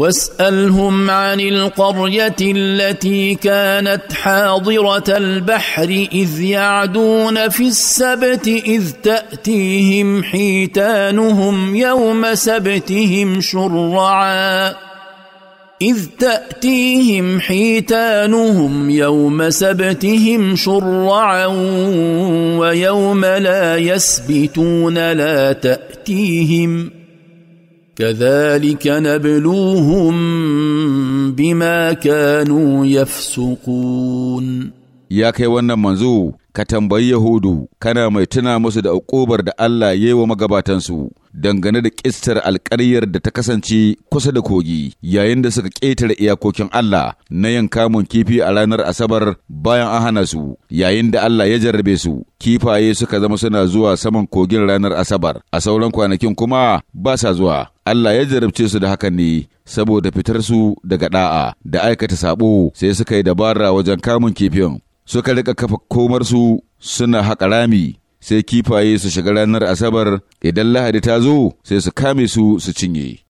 واسالهم عن القريه التي كانت حاضره البحر اذ يعدون في السبت اذ تاتيهم حيتانهم يوم سبتهم شرعا اذ تاتيهم حيتانهم يوم سبتهم شرعا ويوم لا يسبتون لا تاتيهم كذلك نبلوهم بما كانوا يفسقون ya kai wannan manzo ka tambayi Yahudu kana mai tuna musu da uƙubar da Allah ya yi wa magabatansu dangane da kistar alƙaryar da ta kasance kusa da kogi yayin da suka ƙetare iyakokin Allah na yin kamun kifi a ranar Asabar bayan an hana su yayin da Allah ya jarrabe su kifaye suka zama suna zuwa saman kogin ranar Asabar a sauran kwanakin kuma ba sa zuwa Allah ya jarabce su da hakan ne saboda fitar su daga da'a da aikata sabo sai suka yi dabara wajen kamun kifin suka rika kafa komarsu suna haƙa rami sai kifaye su shiga ranar Asabar idan Lahadi ta zo sai su kame su su cinye.